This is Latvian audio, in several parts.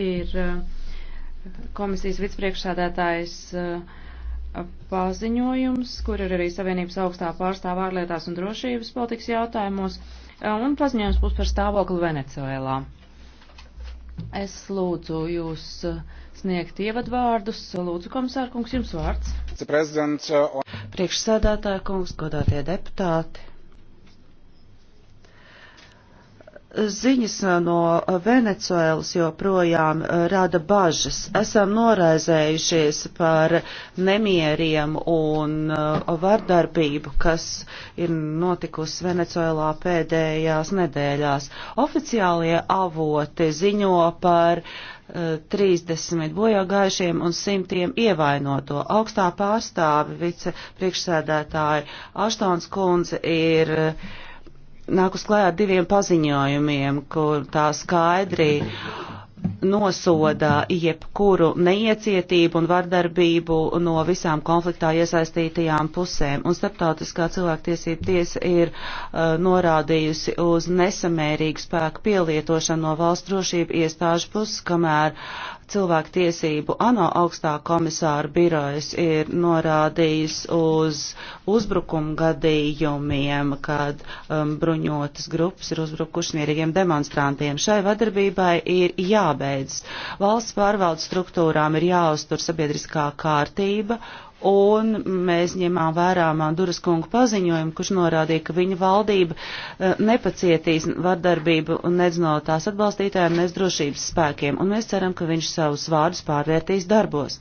ir eh, komisijas vicepriekšsādātājs eh, paziņojums, kur ir arī Savienības augstā pārstāvā ārlietās un drošības politikas jautājumos, eh, un paziņojums būs par stāvokli Venecuēlā. Es lūdzu jūs sniegt ievadvārdus. Lūdzu, komisārkungs, jums vārds. Uh, Priekšsēdētāja kungs, godātie deputāti. Ziņas eh, no Venecuēlas joprojām eh, rada bažas. Esam noraizējušies par nemieriem un eh, vardarbību, kas ir notikusi Venecuēlā pēdējās nedēļās. Oficiālie avoti ziņo par 30 bojāgājušiem un simtiem ievainoto. Augstā pārstāve vice priekšsēdētāja Aštons kundze ir nāk uz klājā diviem paziņojumiem, kur tā skaidri nosoda jebkuru neiecietību un vardarbību no visām konfliktā iesaistītajām pusēm. Un starptautiskā cilvēktiesība tiesa ir uh, norādījusi uz nesamērīgu spēku pielietošanu no valsts drošību iestāžu puses, kamēr uh, cilvēktiesību ANO augstā komisāra birojas ir norādījis uz uzbrukumu gadījumiem, kad um, bruņotas grupas ir uzbrukušas mierīgiem demonstrantiem. Šai vadarbībai ir jābeidz. Valsts pārvaldes struktūrām ir jāuztur sabiedriskā kārtība un mēs ņemām vērā Manduras kungu paziņojumu, kurš norādīja, ka viņa valdība e, nepacietīs vardarbību un nedz no tās atbalstītājiem, nedz drošības spēkiem, un mēs ceram, ka viņš savus vārdus pārvērtīs darbos.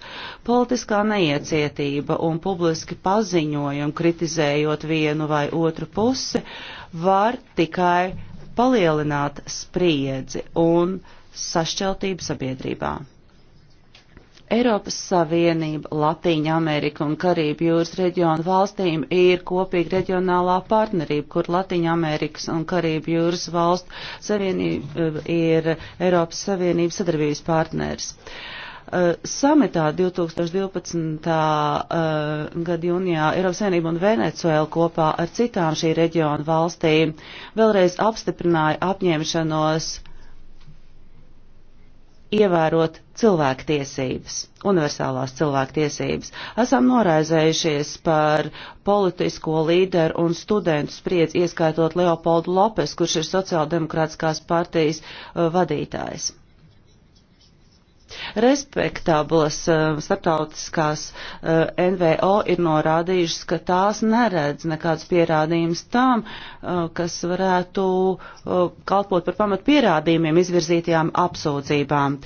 Politiskā neiecietība un publiski paziņojumi, kritizējot vienu vai otru pusi, var tikai palielināt spriedzi un sašķeltību sabiedrībā. Eiropas Savienība, Latīņa Amerika un Karību jūras reģionu valstīm ir kopīga reģionālā partnerība, kur Latīņa Amerikas un Karību jūras valstu savienība eh, ir Eiropas Savienības sadarbības partners. Eh, samitā 2012. Eh, gada jūnijā Eiropas Savienība un Venecuēla kopā ar citām šī reģiona valstīm vēlreiz apstiprināja apņemšanos ievērot cilvēktiesības, universālās cilvēktiesības. Esam noraizējušies par politisko līderu un studentu spriedzi, ieskaitot Leopoldu Lopes, kurš ir sociāldemokrātiskās partijas uh, vadītājs. Respektablas uh, starptautiskās uh, eh, NVO ir norādījušas, ka tās neredz nekāds pierādījums tam, uh, kas varētu uh, kalpot par pamat pierādījumiem izvirzītajām apsūdzībām.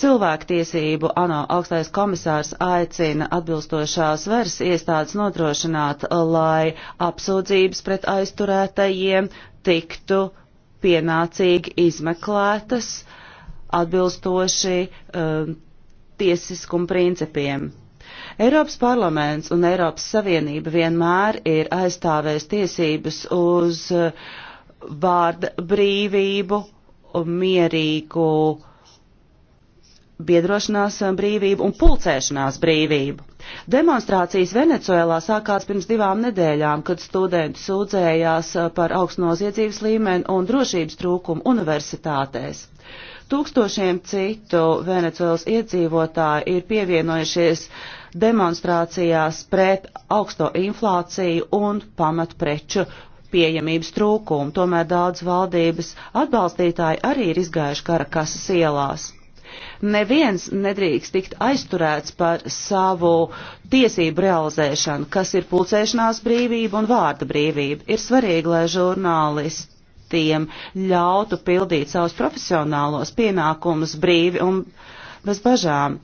Cilvēktiesību ANO augstais komisārs aicina atbilstošās veras iestādes nodrošināt, lai apsūdzības pret aizturētajiem tiktu pienācīgi izmeklētas atbilstoši uh, um, tiesiskuma principiem. Eiropas parlaments un Eiropas Savienība vienmēr ir aizstāvējis tiesības uz uh, vārda brīvību, mierīgu biedrošanās um, brīvību un pulcēšanās brīvību. Demonstrācijas Venecuēlā sākās pirms divām nedēļām, kad studenti sūdzējās uh, par augstu noziedzības līmeni un drošības trūkumu universitātēs. Tūkstošiem citu Venecuēlas iedzīvotāju ir pievienojušies demonstrācijās pret augsto inflāciju un pamatpreču pieejamības trūkumu. Tomēr daudz valdības atbalstītāji arī ir izgājuši karakasas ielās. Neviens nedrīkst tikt aizturēts par savu tiesību realizēšanu, kas ir pulcēšanās brīvība un vārda brīvība. Ir svarīgi, lai žurnālisti valstiem ļautu pildīt savus profesionālos pienākumus brīvi un bez bažām.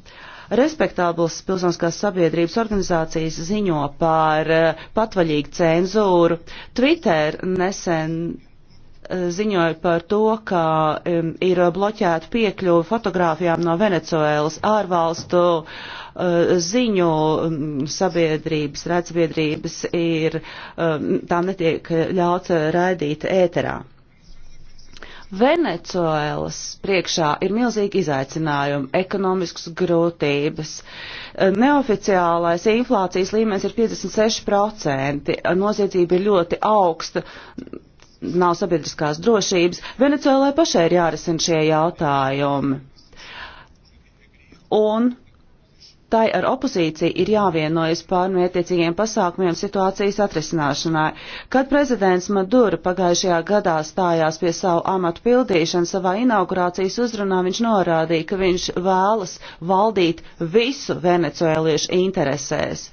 Respektāblas pilsoniskās sabiedrības organizācijas ziņo par eh, patvaļīgu cenzūru. Twitter nesen eh, ziņoja par to, ka um, ir bloķēta piekļuva fotogrāfijām no Venecuēlas ārvalstu uh, ziņu um, sabiedrības, redzbiedrības ir, um, tām netiek ļauts raidīt ēterā. Venecuēlas priekšā ir milzīgi izaicinājumi, ekonomiskas grūtības. Neoficiālais inflācijas līmenis ir 56%, noziedzība ir ļoti augsta, nav sabiedriskās drošības. Venecuēlai pašai ir jārisina šie jautājumi. Un tai ar opozīciju ir jāvienojas pār mērķiecīgiem pasākumiem situācijas atrisināšanai. Kad prezidents Madura pagājušajā gadā stājās pie savu amatu pildīšanu savā inaugurācijas uzrunā, viņš norādīja, ka viņš vēlas valdīt visu venecuēliešu interesēs.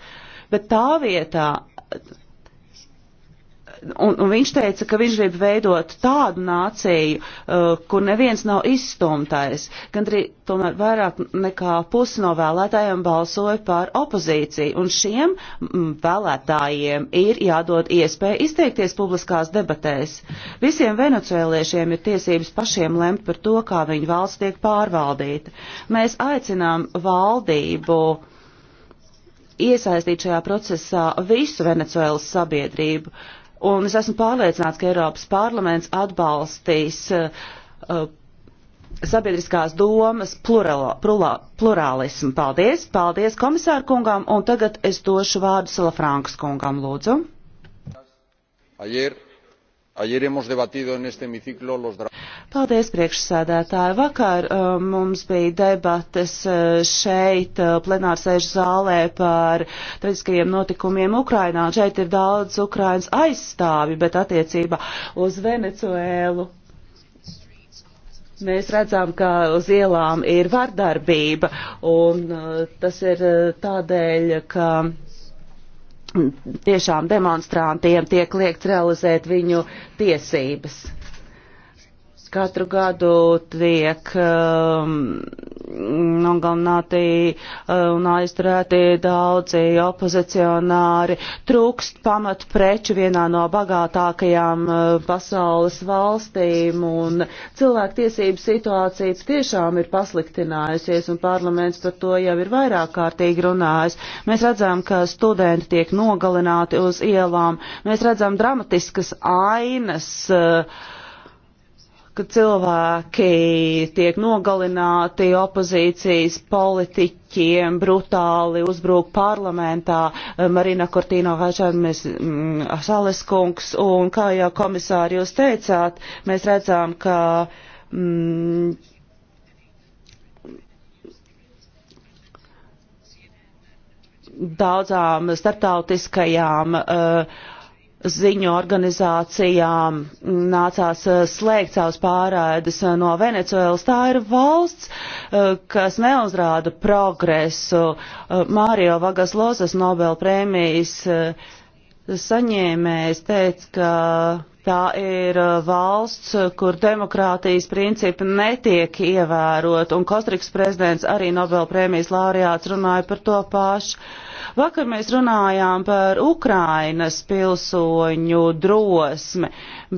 Bet tā vietā Un, un viņš teica, ka viņš grib veidot tādu nāciju, uh, kur neviens nav izstumtais. Gan arī tomēr vairāk nekā pusi no vēlētājiem balsoja par opozīciju, un šiem mm, vēlētājiem ir jādod iespēja izteikties publiskās debatēs. Visiem venecuēliešiem ir tiesības pašiem lemt par to, kā viņu valsts tiek pārvaldīta. Mēs aicinām valdību iesaistīt šajā procesā visu Venecuēlas sabiedrību. Uh, Un es esmu pārliecināts, ka Eiropas parlaments atbalstīs uh, uh, sabiedriskās domas pluralo, plurā, plurālismu. Paldies, paldies komisāru kungam, un tagad es došu vārdu Salafrankas kungam, lūdzu. Ayer Ayer hemos debatido en este hemiciclo los Paldies, priekšsēdētāji. Vakar uh, mums bija debates uh, šeit, uh, plenārsēžu zālē, par traģiskajiem notikumiem Ukrainā. Un šeit ir daudz Ukrainas aizstāvi, bet attiecībā uz Venecuēlu Mēs redzam, ka uz ielām ir vardarbība, un uh, tas ir uh, tādēļ, ka tiešām demonstrantiem tiek liekts realizēt viņu tiesības katru gadu tiek um, nogalināti uh, un aizturēti daudzi opozicionāri, trūkst pamat preču vienā no bagātākajām uh, pasaules valstīm, un cilvēktiesību situācija tiešām ir pasliktinājusies, un parlaments par to jau ir vairāk kārtīgi runājis. Mēs redzam, ka studenti tiek nogalināti uz ielām, mēs redzam dramatiskas ainas, uh, ka cilvēki tiek nogalināti, opozīcijas politiķiem brutāli uzbruk parlamentā, Marina Kortīno Hačarmes mm, Saleskungs, un kā jau komisāri jūs teicāt, mēs redzām, ka mm, daudzām starptautiskajām uh, ziņu organizācijām nācās eh, slēgt savus pārēdes eh, no Venecuēlas. Tā ir valsts, eh, kas neuzrāda progresu. Mārio Vagas Lozas Nobel prēmijas saņēmējs teica, ka Tā ir uh, valsts, uh, kur demokrātijas principi netiek ievērot, un Kostriks prezidents arī Nobelprēmijas laureāts runāja par to pašu. Vakar mēs runājām par Ukrainas pilsoņu drosmi,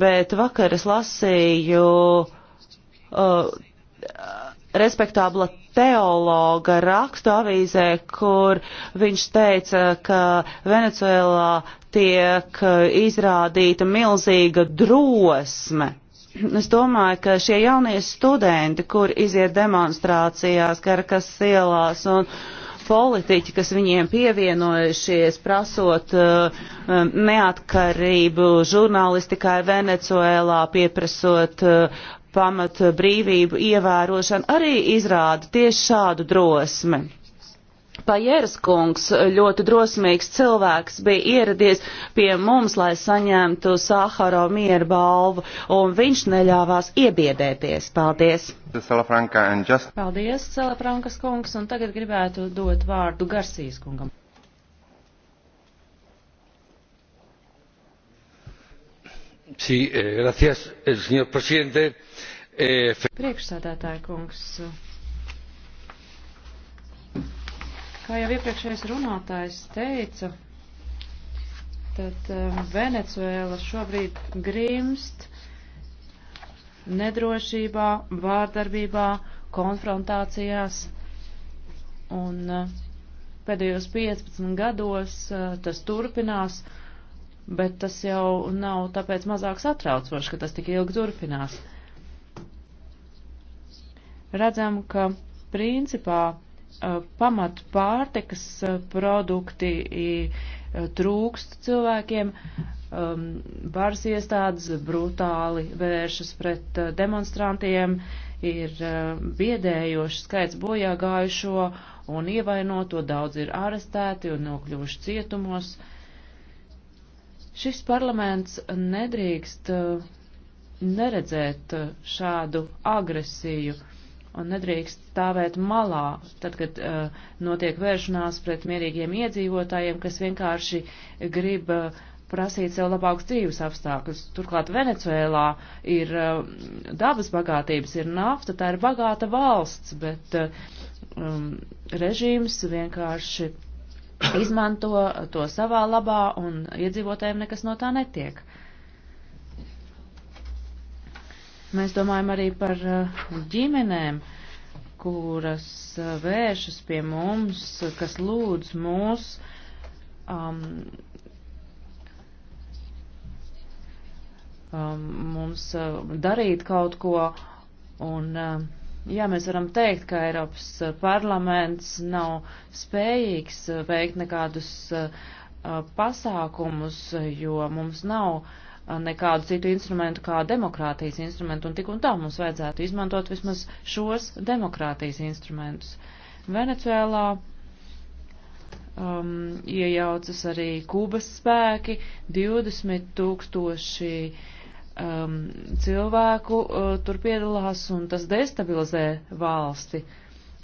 bet vakar es lasīju uh, respektābla teologa rakstu avīzē, kur viņš teica, ka Venecuēlā tiek uh, izrādīta milzīga drosme. Es domāju, ka šie jaunie studenti, kur iziet demonstrācijās, karakas ielās un politiķi, kas viņiem pievienojušies, prasot uh, neatkarību žurnālistikai Venecuēlā, pieprasot uh, pamatu brīvību ievērošana arī izrāda tieši šādu drosmi. Pajēras kungs, ļoti drosmīgs cilvēks, bija ieradies pie mums, lai saņemtu Sāharo mieru balvu, un viņš neļāvās iebiedēties. Paldies! Paldies, Celafrankas kungs, un tagad gribētu dot vārdu Garsijas kungam. Sí, eh, gracias, señor presidente. Eh, Priekšsādātāja kungs. Kā jau iepriekšējais runātājs teica, tad eh, Venecuēla šobrīd grimst nedrošībā, vārdarbībā, konfrontācijās. Un pēdējos 15 gados tas turpinās bet tas jau nav tāpēc mazāk satraucoši, ka tas tik ilgi turpinās. Redzam, ka principā pamat pārtikas produkti trūkst cilvēkiem, varas iestādes brutāli vēršas pret demonstrantiem, ir biedējoši skaits bojā gājušo un ievainoto, daudz ir arestēti un nokļuvuši cietumos. Uh, Šis parlaments nedrīkst uh, neredzēt uh, šādu agresiju un nedrīkst stāvēt malā, tad, kad uh, notiek vēršanās pret mierīgiem iedzīvotājiem, kas vienkārši grib uh, prasīt sev labākus dzīves apstākļus. Turklāt Venecuēlā ir uh, dabas bagātības, ir nafta, tā ir bagāta valsts, bet uh, um, režīms vienkārši izmanto to savā labā un iedzīvotājiem nekas no tā netiek. Mēs domājam arī par uh, ģimenēm, kuras uh, vēršas pie mums, kas lūdz mūs. Um, um, mums uh, darīt kaut ko un um, Jā, mēs varam teikt, ka Eiropas eh, parlaments nav spējīgs eh, veikt nekādus eh, pasākumus, jo mums nav nekādu citu instrumentu kā demokrātijas instrumentu, un tik un tā mums vajadzētu izmantot vismaz šos demokrātijas instrumentus. Venecuēlā um, iejaucas arī Kūbas spēki, 20 tūkstoši uh, um, cilvēku uh, tur piedalās un tas destabilizē valsti.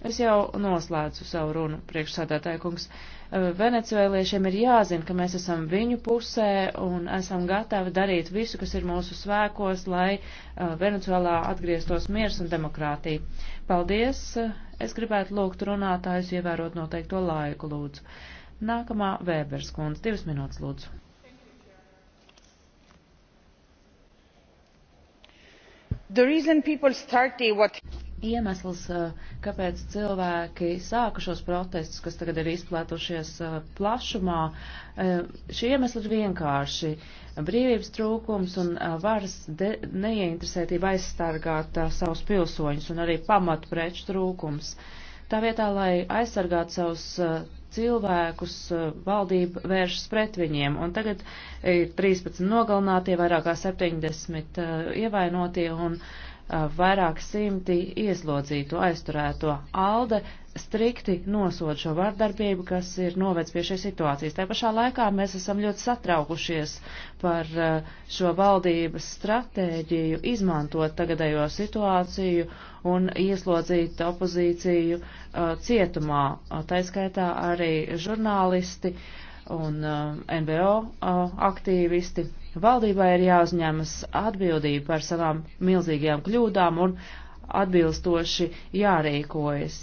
Es jau noslēdzu savu runu, priekšsādātāja kungs. Uh, Venecuēliešiem ir jāzina, ka mēs esam viņu pusē un esam gatavi darīt visu, kas ir mūsu svēkos, lai uh, Venecuēlā atgrieztos miers un demokrātija. Paldies! Uh, es gribētu lūgt runātājus ievērot noteikto laiku, lūdzu. Nākamā Vēbers kundze, divas minūtes, lūdzu. What... Iemesls, eh, kāpēc cilvēki sāka šos protestus, kas tagad ir izplētušies eh, plašumā, eh, šie iemesli ir vienkārši brīvības trūkums un varas neieinteresētība aizstargāt savus pilsoņus un arī pamatu preču trūkums. Tā vietā, lai aizsargātu savus cilvēkus eh, valdība vēršas pret viņiem. Un tagad ir 13 nogalinātie, vairāk kā 70 uh, eh, ievainotie un uh, vairāk simti ieslodzīto aizturēto. Alde strikti nosod šo vardarbību, kas ir novedz pie šīs situācijas. Tā pašā laikā mēs esam ļoti satraukušies par eh, šo valdības stratēģiju izmantot tagadējo situāciju un ieslodzīt opozīciju eh, cietumā. Tā skaitā arī žurnālisti un eh, NVO aktīvisti. Valdībai ir jāuzņemas atbildība par savām milzīgajām kļūdām un atbilstoši jārīkojas.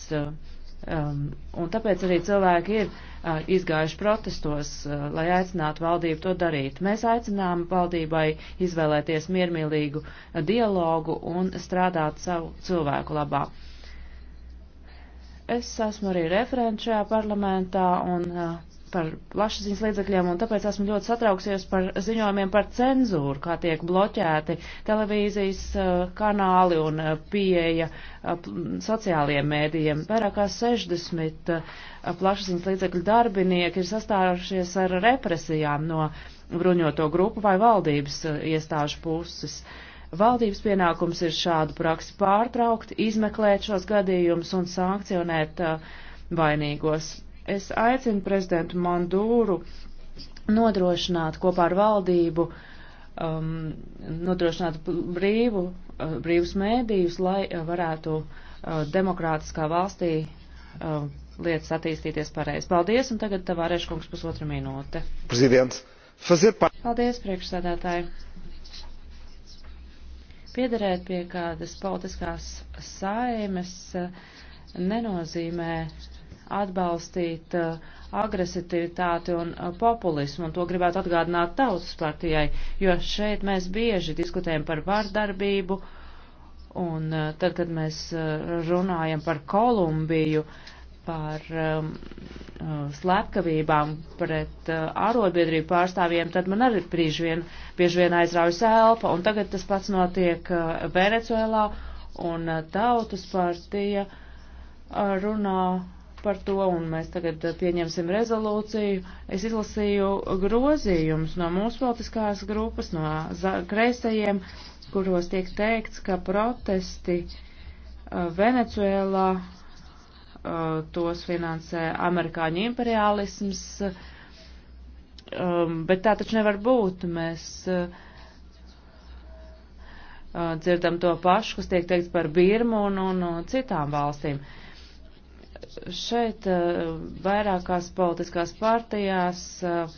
Um, un tāpēc arī cilvēki ir uh, izgājuši protestos, uh, lai aicinātu valdību to darīt. Mēs aicinām valdībai izvēlēties miermīlīgu uh, dialogu un strādāt savu cilvēku labā. Es esmu arī referents šajā parlamentā un uh, par plašsaziņas līdzekļiem, un tāpēc esmu ļoti satrauksies par ziņojumiem par cenzūru, kā tiek bloķēti televīzijas eh, kanāli un eh, pieeja eh, sociālajiem mēdījiem. Vairāk kā 60 plašsaziņas līdzekļu darbinieki ir sastārušies ar represijām no bruņoto grupu vai valdības iestāžu puses. Valdības pienākums ir šādu praksi pārtraukt, izmeklēt šos gadījumus un sankcionēt vainīgos Es aicinu prezidentu Mandūru nodrošināt kopā ar valdību, um, nodrošināt brīvu, uh, brīvus mēdījus, lai uh, varētu uh, demokrātiskā valstī uh, lietas attīstīties pareizi. Paldies, un tagad tev areškungs pusotra minūte. Prezidents. Par... Paldies, priekšsēdētāji piederēt pie kādas politiskās saimes uh, nenozīmē atbalstīt uh, agresivitāti un uh, populismu, un to gribētu atgādināt tautas partijai, jo šeit mēs bieži diskutējam par vardarbību, un uh, tad, kad mēs uh, runājam par Kolumbiju, par um, uh, slepkavībām pret uh, ārotbiedrību pārstāvjiem, tad man arī brīži vien, bieži vien aizraujas elpa, un tagad tas pats notiek uh, Venecuēlā, un uh, tautas partija uh, runā par to, un mēs tagad pieņemsim rezolūciju. Es izlasīju grozījumus no mūsu politiskās grupas, no kreisajiem, kuros tiek teikts, ka protesti uh, Venecuēlā uh, tos finansē amerikāņu imperialisms, um, bet tā taču nevar būt. Mēs uh, dzirdam to pašu, kas tiek teikts par Birmu un, un citām valstīm. Uh, šeit eh, vairākās politiskās partijās eh,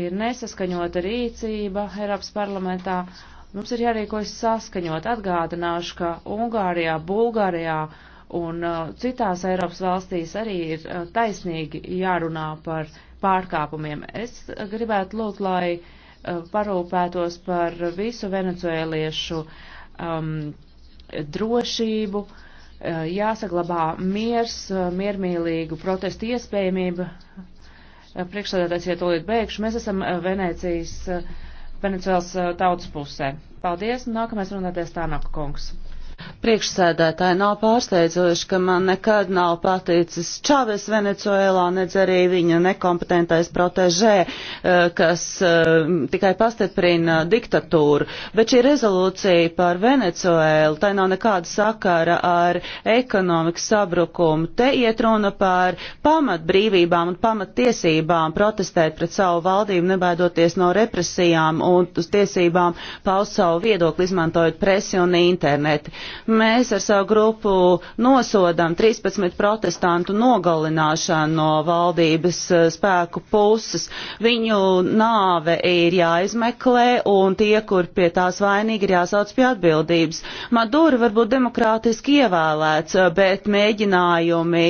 ir nesaskaņota rīcība Eiropas parlamentā. Mums ir jārīkojas saskaņot. Atgādināšu, ka Ungārijā, Bulgārijā un eh, citās Eiropas valstīs arī ir taisnīgi jārunā par pārkāpumiem. Es gribētu lūgt, lai parūpētos par visu venecuēliešu um, drošību, uh, jāsaglabā miers, miermīlīgu protestu iespējamība. Priekšsēdētājs, ja tūlīt beigšu, mēs esam Venēcijas, Venecijāls tautas pusē. Paldies, nākamais runāties Tānaka kungs. Priekšsēdētāji nav pārsteidzoši, ka man nekad nav paticis Čāves Venecuēlā, nedz arī viņa nekompetentais protežē, eh, kas eh, tikai pastiprina diktatūru. Bet šī rezolūcija par Venecuēlu, tai nav nekāda sakara ar ekonomikas sabrukumu. Te iet runa par pamatbrīvībām un pamattiesībām protestēt pret savu valdību, nebaidoties no represijām un uz tiesībām paust savu viedokli, izmantojot presi un internetu. Mēs ar savu grupu nosodam 13 protestantu nogalināšanu no valdības eh, spēku puses. Viņu nāve ir jāizmeklē un tie, kur pie tās vainīgi ir jāsauc pie atbildības. Madura varbūt demokrātiski ievēlēts, eh, bet mēģinājumi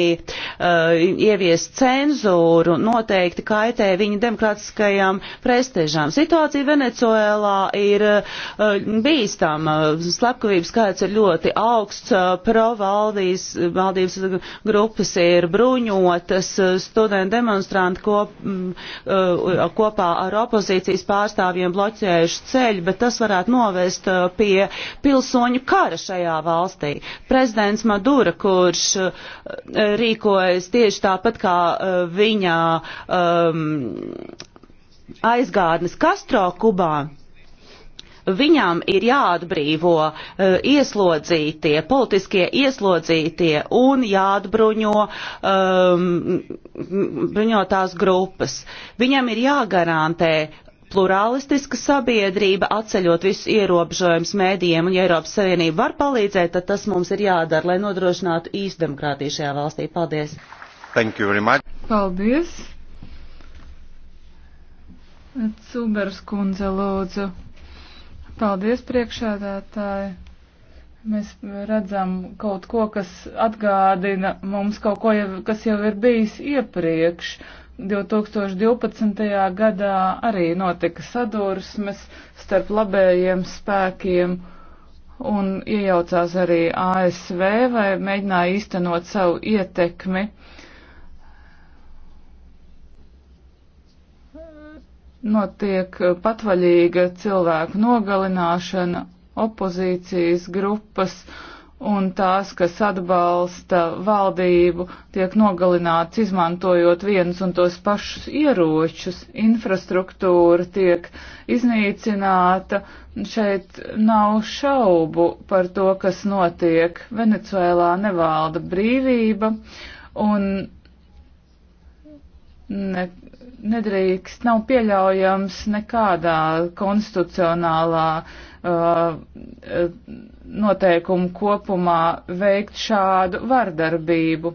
Uh, ievies cenzūru, noteikti kaitē viņa demokrātiskajām prestižām. Situācija Venecuēlā ir uh, bīstama. Slepkavības skaits ir ļoti augsts, uh, provaldīs, valdības grupas ir bruņotas, studenti demonstranti kop, mm, kopā ar opozīcijas pārstāvjiem bloķējuši ceļu, bet tas varētu novest pie pilsoņu kara šajā valstī. Prezidents Madura, kurš rīko rīkojas tieši tāpat kā uh, viņa um, aizgādnes Castro Kubā. Viņām ir jāatbrīvo uh, ieslodzītie, politiskie ieslodzītie un jāatbruņo um, bruņotās grupas. Viņam ir jāgarantē plurālistiska sabiedrība, atceļot visus ierobežojumus mēdījiem, un ja Eiropas Savienība var palīdzēt, tad tas mums ir jādara, lai nodrošinātu īstu demokrātiju šajā valstī. Paldies! Thank you very much! Paldies! Cūbers kundze lūdzu. Paldies priekšādātāji. Mēs redzam kaut ko, kas atgādina mums kaut ko, jau, kas jau ir bijis iepriekš. 2012. gadā arī notika sadursmes starp labējiem spēkiem un iejaucās arī ASV vai mēģināja īstenot savu ietekmi. Notiek patvaļīga cilvēku nogalināšana, opozīcijas grupas, uh, un tās, kas atbalsta valdību, tiek nogalināts izmantojot vienus un tos pašus ieročus, infrastruktūra tiek iznīcināta. Šeit nav šaubu par to, kas notiek. Venecuēlā nevalda brīvība un ne, nedrīkst, nav pieļaujams nekādā konstitucionālā uh, Uh, noteikumu kopumā veikt šādu vardarbību.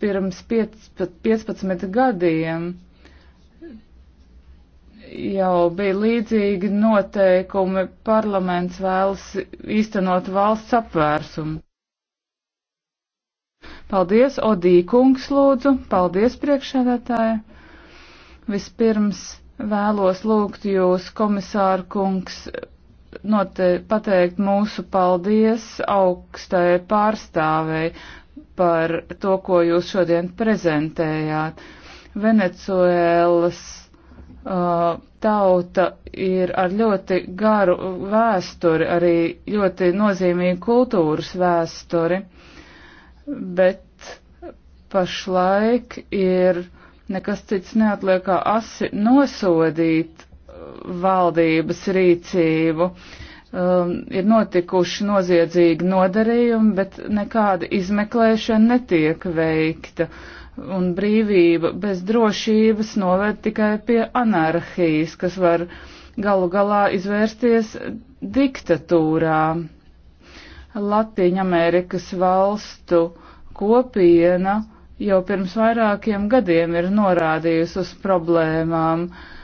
Pirms 15 gadiem jau bija līdzīgi noteikumi, parlaments vēlas īstenot valsts apvērsumu. Paldies, Odī kungs, lūdzu, paldies priekšsēdētāja. Vispirms vēlos lūgt jūs, komisāra kungs, note, pateikt mūsu paldies augstai pārstāvei par to, ko jūs šodien prezentējāt. Venecuēlas uh, tauta ir ar ļoti garu vēsturi, arī ļoti nozīmīgu kultūras vēsturi, bet pašlaik ir nekas cits neatliekā asi nosodīt valdības rīcību. Um, ir notikuši noziedzīgi nodarījumi, bet nekāda izmeklēšana netiek veikta. Un brīvība bez drošības noved tikai pie anarhijas, kas var galu galā izvērsties diktatūrā. Latīņa Amerikas valstu kopiena jau pirms vairākiem gadiem ir norādījusi uz problēmām, uh,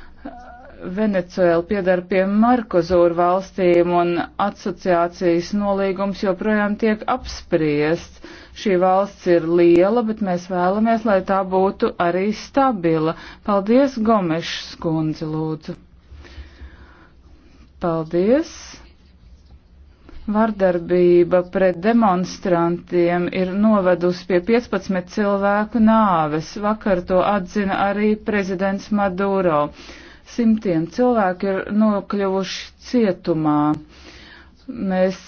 Venecuēla piedara pie Markozūru valstīm un asociācijas nolīgums joprojām tiek apspriests. Šī valsts ir liela, bet mēs vēlamies, lai tā būtu arī stabila. Paldies, Gomešs kundze, lūdzu. Paldies. Vardarbība pret demonstrantiem ir novedusi pie 15 cilvēku nāves. Vakar to atzina arī prezidents Maduro. Simtiem cilvēku ir nokļuvuši cietumā. Mēs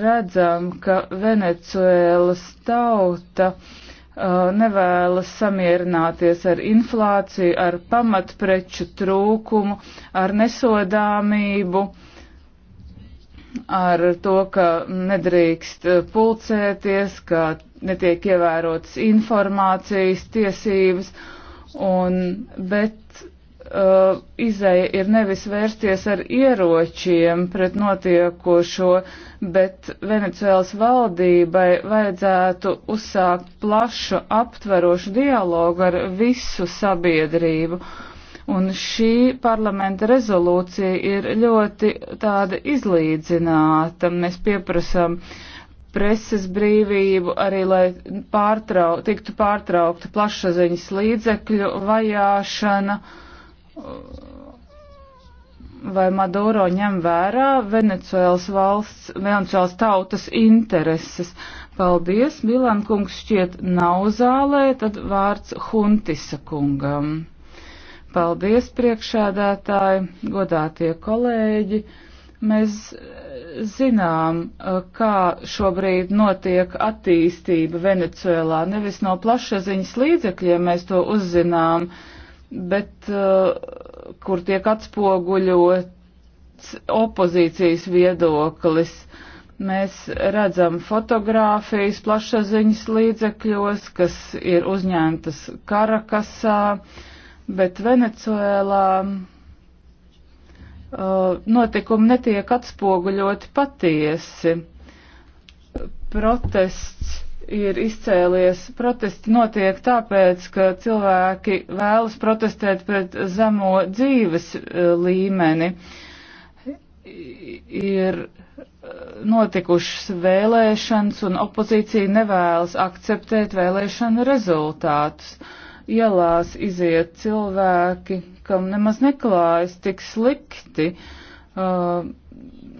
redzam, ka Venecuēlas tauta uh, nevēlas samierināties ar inflāciju, ar pamatpreču trūkumu, ar nesodāmību, ar to, ka nedrīkst pulcēties, ka netiek ievērotas informācijas tiesības, un, bet uh, izēja ir nevis vērsties ar ieročiem pret notiekošo, bet Venecuēlas valdībai vajadzētu uzsākt plašu aptverošu dialogu ar visu sabiedrību. Un šī parlamenta rezolūcija ir ļoti tāda izlīdzināta. Mēs pieprasām preses brīvību, arī lai pārtrau, tiktu pārtraukta plašsaziņas līdzekļu vajāšana. Uh, vai Maduro ņem vērā Venecuēlas valsts, Venecuēlas tautas intereses. Paldies, Bilan kungs šķiet nav zālē, tad vārds Huntisa kungam. Paldies, priekšēdētāji, godātie kolēģi. Mēs zinām, kā šobrīd notiek attīstība Venecuēlā. Nevis no plašsaziņas līdzekļiem mēs to uzzinām bet uh, kur tiek atspoguļots opozīcijas viedoklis. Mēs redzam fotogrāfijas plašsaziņas līdzekļos, kas ir uzņemtas Karakasā, bet Venecuēlā uh, notikumi netiek atspoguļoti patiesi. Protests ir izcēlies. Protesti notiek tāpēc, ka cilvēki vēlas protestēt pret zemo dzīves e, līmeni. Ir e, notikušas vēlēšanas un opozīcija nevēlas akceptēt vēlēšanu rezultātus. Ielās iziet cilvēki, kam nemaz neklājas tik slikti. Uh,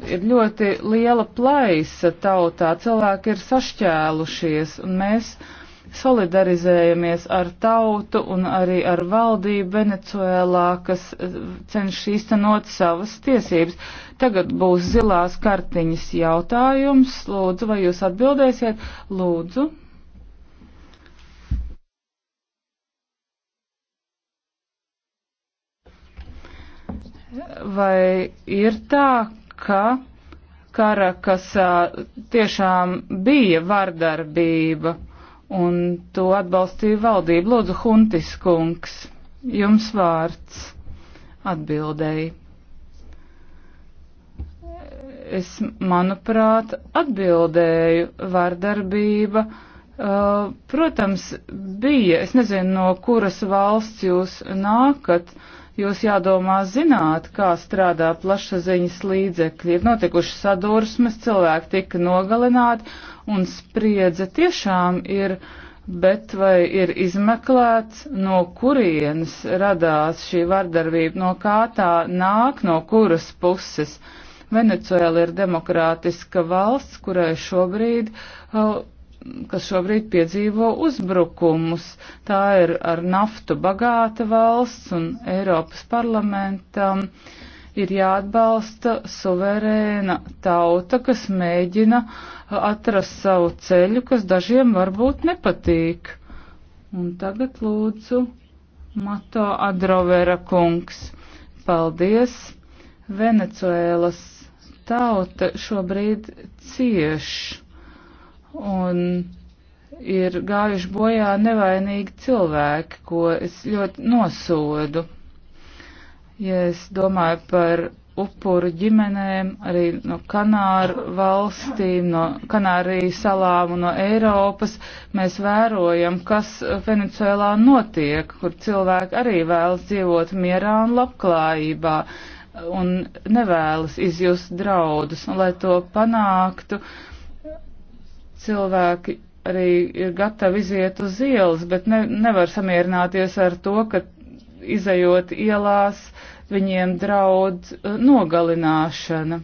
ir ļoti liela plaisa tautā, cilvēki ir sašķēlušies, un mēs solidarizējamies ar tautu un arī ar valdību Venecuēlā, kas eh, cenšas īstenot savas tiesības. Tagad būs zilās kartiņas jautājums. Lūdzu, vai jūs atbildēsiet? Lūdzu. Vai ir tā, ka Karakasā tiešām bija vardarbība un to atbalstīja valdība. Lūdzu, Huntis kungs, jums vārds atbildēji. Es, manuprāt, atbildēju vardarbība. Uh, protams, bija, es nezinu, no kuras valsts jūs nākat, uh, Jūs jādomā zināt, kā strādā plašsaziņas līdzekļi. Ir notikušas sadursmes, cilvēki tika nogalināti un spriedze tiešām ir, bet vai ir izmeklēts, no kurienes radās šī vardarbība, no kā tā nāk, no kuras puses. Venecuēla ir demokrātiska valsts, kurai šobrīd uh, kas šobrīd piedzīvo uzbrukumus. Tā ir ar naftu bagāta valsts un Eiropas parlamentam ir jāatbalsta suverēna tauta, kas mēģina atrast savu ceļu, kas dažiem varbūt nepatīk. Un tagad lūdzu Mato Adrovera kungs. Paldies! Venecuēlas tauta šobrīd cieši un ir gājuši bojā nevainīgi cilvēki, ko es ļoti nosodu. Ja es domāju par upuru ģimenēm, arī no Kanāru valstīm, no Kanāriju salām un no Eiropas. Mēs vērojam, kas Venecuēlā notiek, kur cilvēki arī vēlas dzīvot mierā un labklājībā un nevēlas izjust draudus. Un, lai to panāktu, uh, cilvēki arī ir gatavi iziet uz ielas, bet ne, nevar samierināties ar to, ka izējot ielās viņiem draud uh, nogalināšana.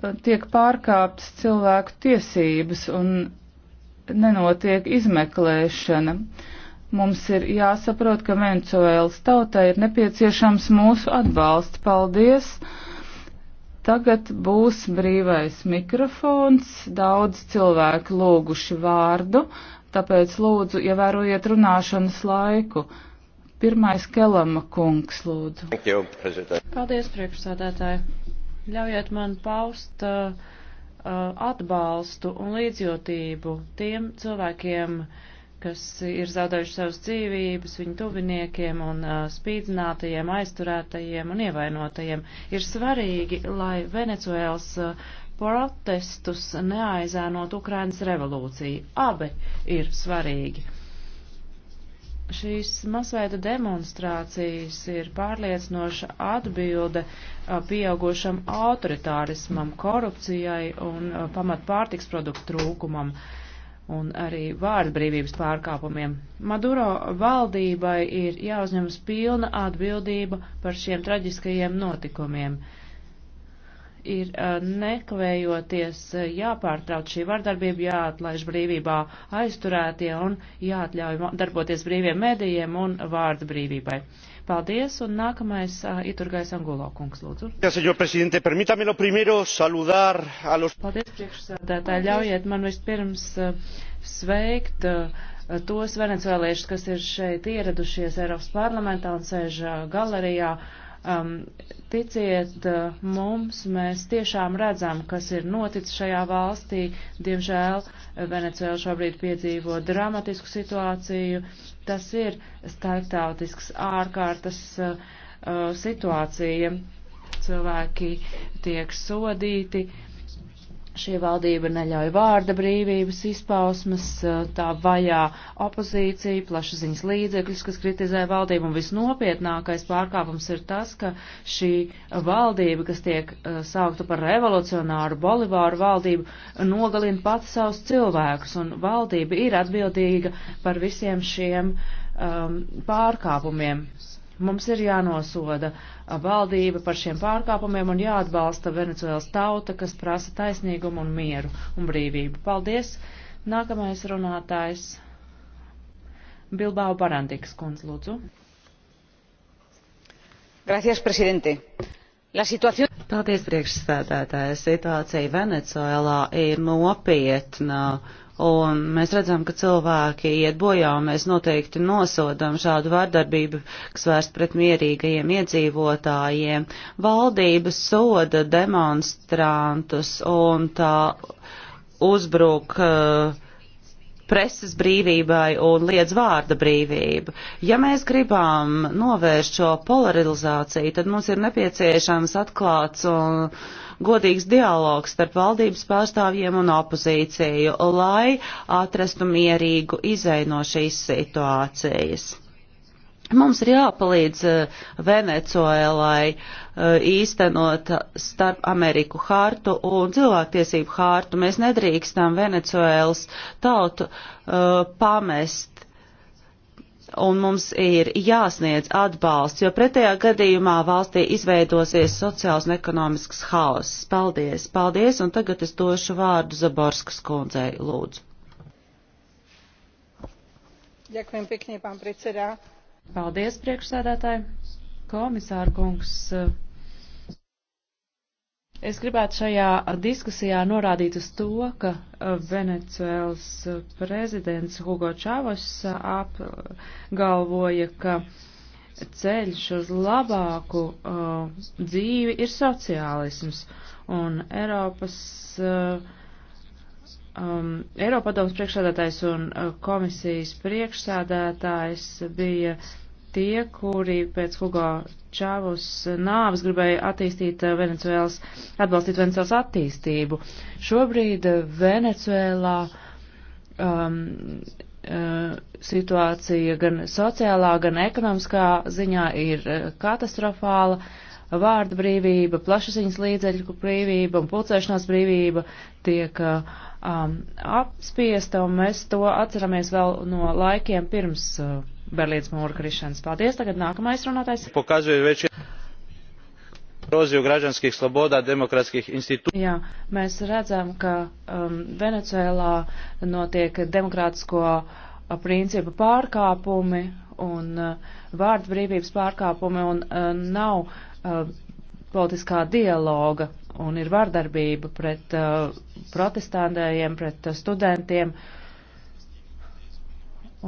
Uh, tiek pārkāptas cilvēku tiesības un nenotiek izmeklēšana. Mums ir jāsaprot, ka Venecuēlas tautai ir nepieciešams mūsu atbalsts. Paldies! Tagad būs brīvais mikrofons, daudz cilvēku lūguši vārdu, tāpēc lūdzu ievērojiet runāšanas laiku. Pirmais Kelama kungs lūdzu. You, Paldies, priekšsādātāji. Ļaujiet man paust uh, uh atbalstu un līdzjūtību tiem cilvēkiem, uh, kas ir zaudējuši savas dzīvības, viņu tuviniekiem un uh, spīdzinātajiem, aizturētajiem un ievainotajiem. Ir svarīgi, lai Venecuēls uh, protestus neaizēnot Ukrainas revolūciju. Abi ir svarīgi. Šīs masveida demonstrācijas ir pārliecinoša atbilde pieaugošam autoritārismam, korupcijai un pamat pārtiks produktu trūkumam. Uh, un arī vārdbrīvības pārkāpumiem. Maduro valdībai ir jāuzņemas pilna atbildība par šiem traģiskajiem notikumiem ir nekavējoties jāpārtrauc šī vardarbība, jāatlaiž brīvībā aizturētie un jāatļauj darboties brīviem medijiem un vārda brīvībai. Paldies, un nākamais uh, Iturgais Angulo kungs, lūdzu. Paldies, priekšsēdētāji, ļaujiet man vispirms uh, sveikt uh, tos venecuēliešus, kas ir šeit ieradušies Eiropas parlamentā un sēž uh, galerijā. Uh, Um, ticiet uh, mums, mēs tiešām redzam, kas ir noticis šajā valstī. Diemžēl uh, Venecijā šobrīd piedzīvo dramatisku situāciju. Tas ir starptautisks ārkārtas uh, uh situācija. Cilvēki tiek sodīti. Uh, Šī valdība neļauj vārda brīvības izpausmes, eh, tā vajā opozīciju, plašsaziņas līdzekļus, kas kritizē valdību, un visnopietnākais pārkāpums ir tas, ka šī valdība, kas tiek eh, saukta par revolucionāru Bolivāru valdību, nogalina pats savus cilvēkus, un valdība ir atbildīga par visiem šiem um, pārkāpumiem. Mums ir jānosoda valdība par šiem pārkāpumiem un jāatbalsta Venecuēlas tauta, kas prasa taisnīgumu un mieru un brīvību. Paldies! Nākamais runātājs Bilbao Barantikas kundz, lūdzu. Gracias, presidente. La situación... Paldies, priekšsēdētāja. Situācija Venecijā ir nopietna. Un mēs redzam, ka cilvēki iet bojā, un mēs noteikti nosodam šādu vardarbību, kas vērst pret mierīgajiem iedzīvotājiem. Valdības soda demonstrantus un tā uzbruk uh, preses brīvībai un liedz vārda brīvību. Ja mēs gribam novērst šo polarizāciju, tad mums ir nepieciešams atklāts un godīgs dialogs starp valdības pārstāvjiem un opozīciju, lai atrastu mierīgu izaino šīs situācijas. Mums ir jāpalīdz eh, Venecuēlai eh, īstenot starp Ameriku hārtu un cilvēktiesību hārtu. Mēs nedrīkstam Venecuēlas tautu uh, pamest. Un mums ir jāsniedz atbalsts, jo pretējā gadījumā valstī izveidosies sociāls un ekonomisks haoss. Paldies, paldies, un tagad es došu vārdu Zaborskas kundzei, lūdzu. Ďakujem pekne, pán predseda Paldies, priekšsēdētāji. Komisāra kungs. Es gribētu šajā diskusijā norādīt uz to, ka uh, Venecuēls uh, prezidents Hugo Čavos uh, apgalvoja, ka ceļš uz labāku uh, dzīvi ir sociālisms, un Eiropas uh, um, Eiropadomas priekšsādātājs un uh, komisijas priekšsādātājs bija tie, kuri pēc Hugo Čāvus nāves gribēja attīstīt uh, Venecuēlas, atbalstīt Venecuēlas attīstību. Šobrīd Venecuēlā um, uh, situācija gan sociālā, gan ekonomiskā ziņā ir uh, katastrofāla. Vārda brīvība, plašsaziņas līdzekļu brīvība un pulcēšanās brīvība tiek uh, um, apspiesta, un mēs to atceramies vēl no laikiem pirms uh, Berlīnas mūra krišanas. Paldies, tagad nākamais runātājs. Pokazuju već eroziju građanskih sloboda, demokratskih institūcij. Jā, mēs redzam, ka um, Venecuēlā notiek demokrātisko uh, principu pārkāpumi un uh, vārdu brīvības pārkāpumi un uh, nav uh, politiskā dialoga un ir vardarbība pret uh, protestantējiem, pret uh, studentiem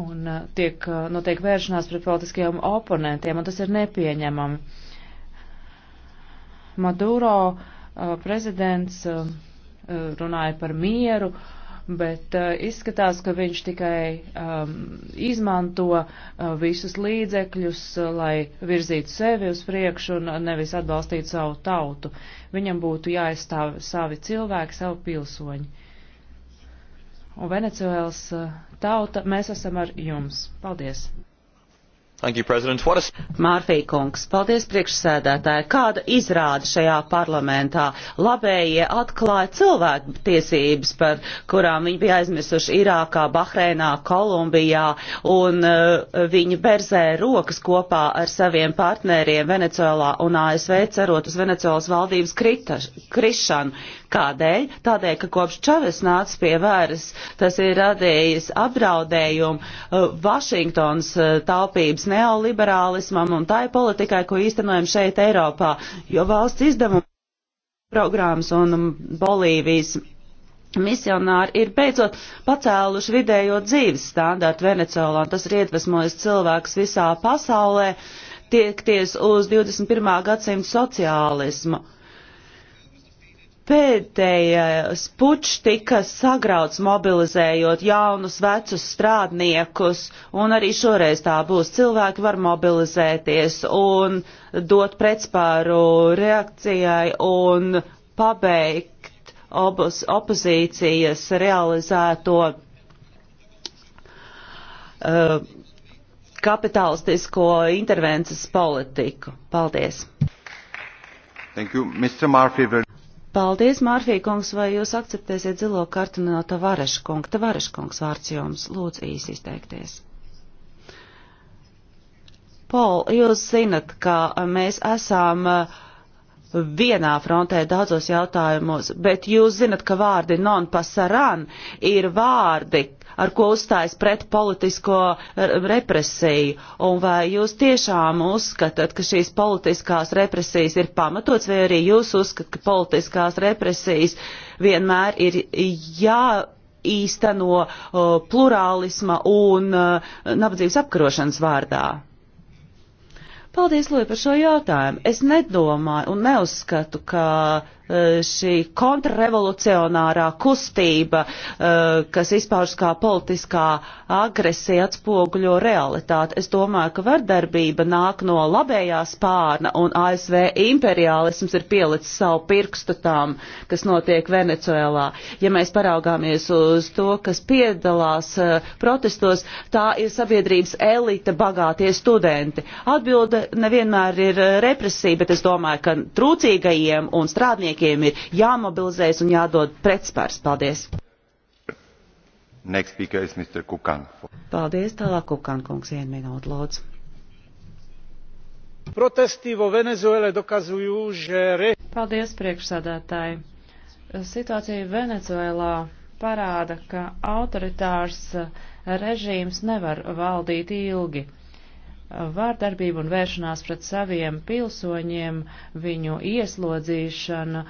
un uh, tiek uh, notiek vēršanās pret politiskajiem oponentiem, un tas ir nepieņemami. Maduro uh, prezidents uh, runāja par mieru. Uh, bet uh, izskatās, ka viņš tikai um, izmanto uh, visus līdzekļus, uh, lai virzītu sevi uz priekšu un uh, nevis atbalstītu savu tautu. Viņam būtu jāaizstāv savi cilvēki, savu pilsoņi. Un Venecuēlas uh, tauta, mēs esam ar jums. Paldies! Mārfija kungs, paldies priekšsēdētāji. Kāda izrāda šajā parlamentā? Labējie atklāja cilvēku tiesības, par kurām viņi bija aizmirsuši Irākā, Bahreinā, Kolumbijā, un uh, viņi berzē rokas kopā ar saviem partneriem Venecijolā un ASV cerot uz Venecijolas valdības kritaš, krišanu. Kādēļ? Tādēļ, ka kopš Čaves nāca pie vēras, tas ir radījis apdraudējumu uh, eh, Vašingtons uh, eh, taupības neoliberālismam un tai politikai, ko īstenojam šeit Eiropā, jo valsts izdevuma programmas un Bolīvijas Misionāri ir beidzot pacēluši vidējo dzīves standārtu Venecijolā, un tas ir iedvesmojis cilvēks visā pasaulē tiekties uz 21. gadsimta sociālismu pēdējais pučs tika sagrauts mobilizējot jaunus vecus strādniekus, un arī šoreiz tā būs. Cilvēki var mobilizēties un dot pretspāru reakcijai un pabeigt obos, opozīcijas realizēto uh, kapitalistisko intervences politiku. Paldies! Thank you, Mr. Murphy. Paldies, Mārfī kungs, vai jūs akceptēsiet zilo kartu no Tavareša kunga? Tavareša kungs vārds jums, lūdzu īsi izteikties. Pol, jūs zinat, ka mēs esam uh, vienā frontē daudzos jautājumos, bet jūs zinat, ka vārdi non pasaran ir vārdi, ar ko uzstājas pret politisko eh, represiju, un vai jūs tiešām uzskatāt, ka šīs politiskās represijas ir pamatots, vai arī jūs uzskatāt, ka politiskās represijas vienmēr ir jā īsteno uh, eh, plurālisma un uh, nabadzības apkarošanas vārdā. Paldies, Lūija, par šo jautājumu. Es nedomāju un neuzskatu, ka e, šī kontrrevolucionārā kustība, e, kas izpaužas kā politiskā agresija, atspoguļo realitāti. Es domāju, ka vardarbība nāk no labējā spārna, un ASV imperiālisms ir pielicis savu pirkstu tam, kas notiek Venecuēlā. Ja mēs paraugāmies uz to, kas piedalās e, protestos, tā ir sabiedrības elite bagātie studenti. Atbilde nevienmēr ir eh, represija, bet es domāju, ka trūcīgajiem un strādniekiem ir jāmobilizējas un jādod pretspārs. Paldies! Next speaker is Mr. Kukan. Paldies, tālāk Kukan kungs, vien minūte, lūdzu. Protesti vo Venezuele dokazuju, že... Re... Paldies, priekšsādātāji. Situācija Venezuelā parāda, ka autoritārs režīms nevar valdīt ilgi vārdarbību un vēršanās pret saviem pilsoņiem, viņu ieslodzīšana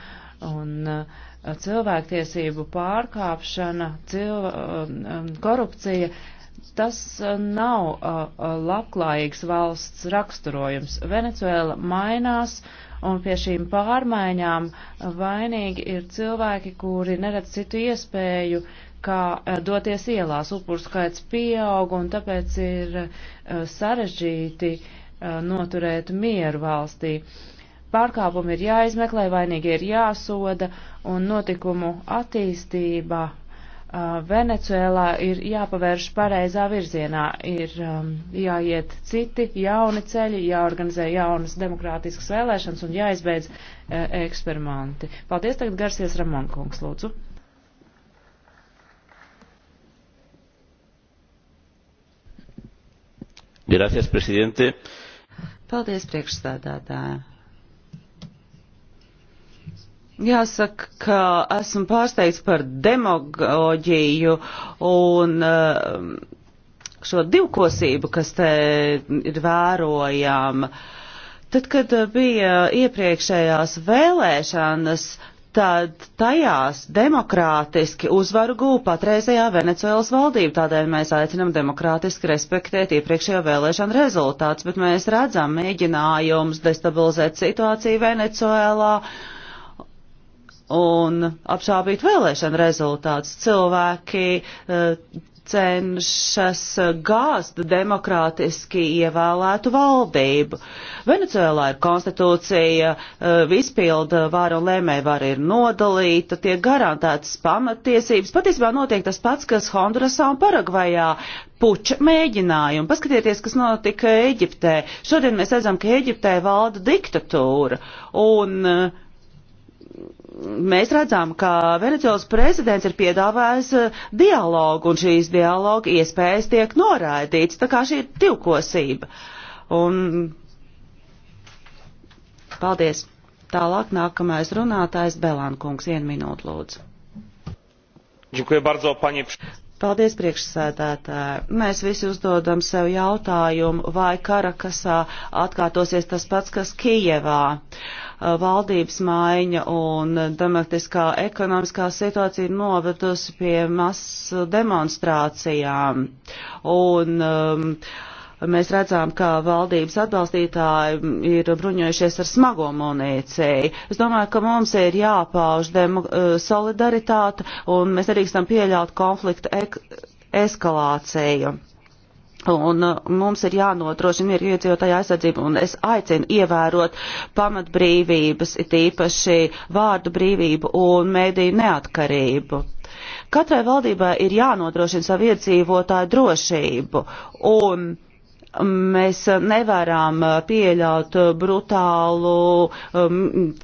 un uh, cilvēktiesību pārkāpšana, cilv um, um, korupcija. Tas uh, nav uh, labklājīgs valsts raksturojums. Venecuēla mainās, un pie šīm pārmaiņām vainīgi ir cilvēki, kuri neredz citu iespēju, kā eh, doties ielās. Upuru skaits pieaug un tāpēc ir eh, sarežģīti eh, noturēt mieru valstī. Pārkāpumi ir jāizmeklē, vainīgi ir jāsoda un notikumu attīstība Venecuēlā ir jāpavērš pareizā virzienā, ir um, jāiet citi jauni ceļi, jāorganizē jaunas demokrātiskas vēlēšanas un jāizbeidz uh, eksperimenti. Paldies tagad Garsies Ramonkungs, lūdzu. Gracias, prezidente. Paldies, priekšstādātāji. Jāsaka, ka esmu pārsteigts par demagoģiju un eh, šo divkosību, kas te ir vērojama. Tad, kad bija iepriekšējās vēlēšanas, tad tajās demokrātiski uzvaru gūp patreizējā Venecuēlas valdība. Tādēļ mēs aicinam demokrātiski respektēt iepriekšējo vēlēšanu rezultātus, bet mēs redzam mēģinājumus destabilizēt situāciju Venecuēlā un apšābīt vēlēšanu rezultātus. Cilvēki uh, cenšas gāzt demokrātiski ievēlētu valdību. Venecuēlā ir konstitūcija, eh, izpilda vara un lēmēja vara ir nodalīta, tiek garantētas pamatiesības. Patiesībā notiek tas pats, kas Hondurasā un Paragvajā puča mēģinājumu. Paskatieties, kas notika Eģiptē. Šodien mēs redzam, ka Eģiptē valda diktatūra. Un uh, mēs redzam, ka Venecijos prezidents ir piedāvājis eh, dialogu, un šīs dialogu iespējas tiek noraidīts. Tā kā šī ir divkosība. Un... Paldies. Tālāk nākamais runātājs Belankungs. Vienu minūtu lūdzu. Bardzo, panie... Paldies, priekšsēdētāji. Mēs visi uzdodam sev jautājumu, vai Karakasā atkārtosies tas pats, kas Kijevā. Uh, valdības maiņa un demokratiskā ekonomiskā situācija ir novedusi pie masu demonstrācijām. Un, um, mēs redzām, ka valdības atbalstītāji ir bruņojušies ar smago munīciju. Es domāju, ka mums ir jāpauž solidaritāte un mēs nedrīkstam pieļaut konfliktu eskalāciju. Un uh, mums ir jānodrošina mieru iedzīvotāju aizsardzību, un es aicinu ievērot pamatbrīvības, it īpaši vārdu brīvību un mēdīju neatkarību. Katrai valdībai ir jānodrošina savu iedzīvotāju drošību, un Mēs nevaram uh, pieļaut uh, brutālu um,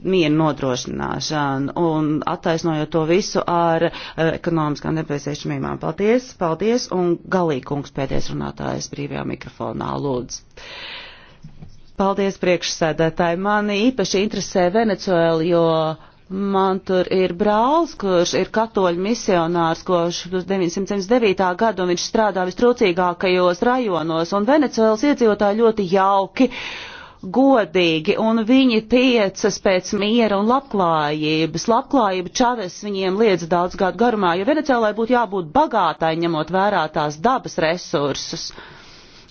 mienu nodrošināšanu un attaisnojot to visu ar uh, ekonomiskām nepieciešamībām. Paldies, paldies un galīkungs pēdējais runātājs brīvajā mikrofonā lūdzu. Paldies priekšsēdētāji. Mani īpaši interesē Venecuēla, jo Man tur ir brālis, kurš ir katoļu misionārs, kurš 979. gadu un viņš strādā vistrūcīgākajos rajonos, un Venecuēlas iedzīvotāji ļoti jauki, godīgi, un viņi tiecas pēc miera un labklājības. Labklājība Čaves viņiem liedz daudz gadu garumā, jo Venecuēlai būtu jābūt bagātai, ņemot vērā tās dabas resursus. Uh,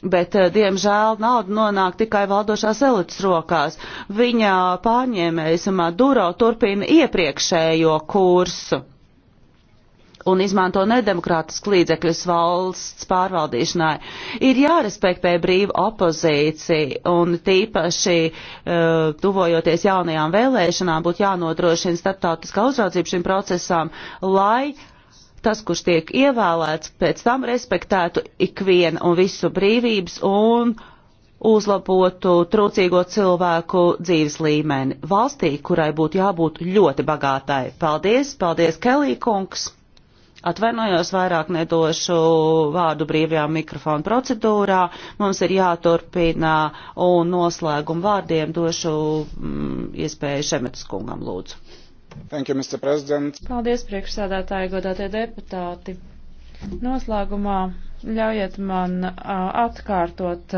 bet, eh, diemžēl, nauda nonāk tikai valdošās elites rokās. Viņa pārņēmējs Maduro turpina iepriekšējo kursu un izmanto nedemokrātisku līdzekļus valsts pārvaldīšanai. Ir jārespektē brīva opozīcija, un tīpaši uh, tuvojoties jaunajām vēlēšanām būtu jānodrošina starptautiskā uzraudzība šim procesam, lai uh, tas, kurš tiek ievēlēts, pēc tam respektētu ikvienu un visu brīvības un uzlabotu trūcīgo cilvēku dzīves līmeni valstī, kurai būtu jābūt ļoti bagātai. Paldies, paldies, Kelī kungs! Atvainojos, vairāk nedošu vārdu brīvajā mikrofona procedūrā. Mums ir jāturpina un noslēguma vārdiem došu mm, iespēju Šemetas kungam lūdzu. Thank you, Mr. President. Paldies, priekšsēdētāji, godātie deputāti. Noslēgumā ļaujiet man atkārtot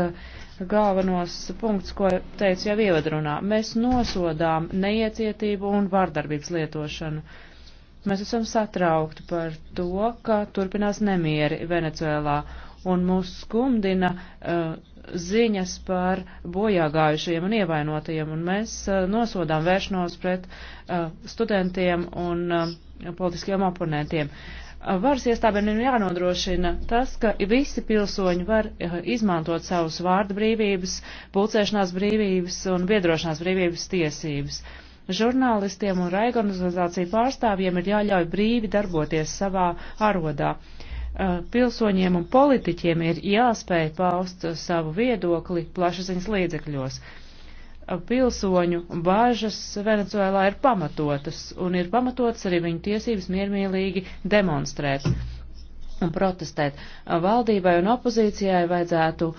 galvenos punktus, ko teicu jau ievadrunā. Mēs nosodām neiecietību un vārdarbības lietošanu. Mēs esam satraukti par to, ka turpinās nemieri Venecuēlā un mūs skumdina uh, ziņas par bojāgājušajiem un ievainotajiem, un mēs uh, nosodām vēršanos pret uh, studentiem un uh, politiskiem oponentiem. Varas iestādēm ir jānodrošina tas, ka visi pilsoņi var izmantot savus vārdu brīvības, pulcēšanās brīvības un biedrošanās brīvības tiesības. Žurnālistiem un raigorganizāciju pārstāvjiem ir jāļauj brīvi darboties savā arodā. Uh, pilsoņiem un politiķiem ir jāspēj paust savu viedokli plašsaziņas līdzekļos. Pilsoņu bāžas Venecuēlā ir pamatotas, un ir pamatotas arī viņu tiesības miermīlīgi demonstrēt un protestēt. Valdībai un opozīcijai vajadzētu uh,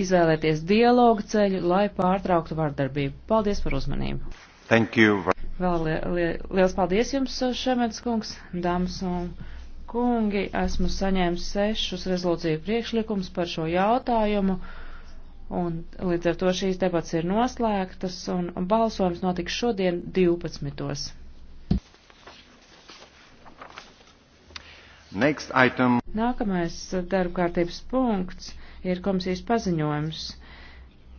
izvēlēties dialogu ceļu, lai pārtrauktu vardarbību. Paldies par uzmanību! Thank you. Vēl li li liels paldies jums, Šemets kungs, dāmas un kungi, esmu saņēmis sešus rezolūciju priekšlikumus par šo jautājumu, un līdz ar to šīs debats ir noslēgtas, un balsojums notiks šodien 12. Next item. Nākamais darbkārtības punkts ir komisijas paziņojums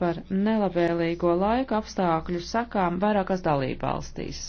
par nelabēlīgo laika apstākļu sakām vairākās dalībvalstīs.